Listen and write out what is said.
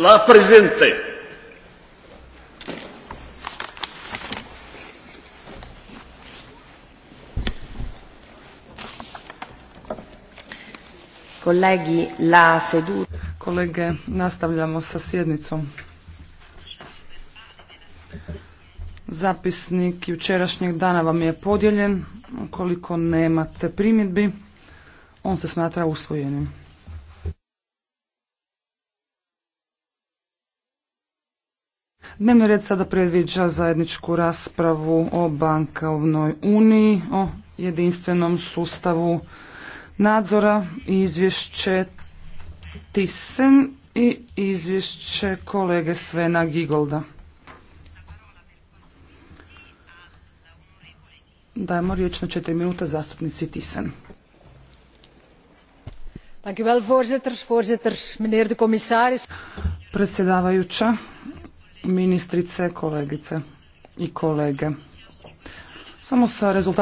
La presente. Kolegi, la seduta. Kolege, nastavljamo sa sjednicom. Zapisnik jučerašnjeg dana vam je podijeljen. Ukoliko nemate primjedbi, on se smatra usvojenim. Dnevni red sada predviđa zajedničku raspravu o bankovnoj uniji, o jedinstvenom sustavu nadzora, izvješće Tisen i izvješće kolege Svena Gigolda. Dajemo riječ na četiri minuta zastupnici Tisen. voorzitter. Voorzitter, meneer de Predsjedavajuća, ministrice, kolegice i kolege. Samo sa rezultatima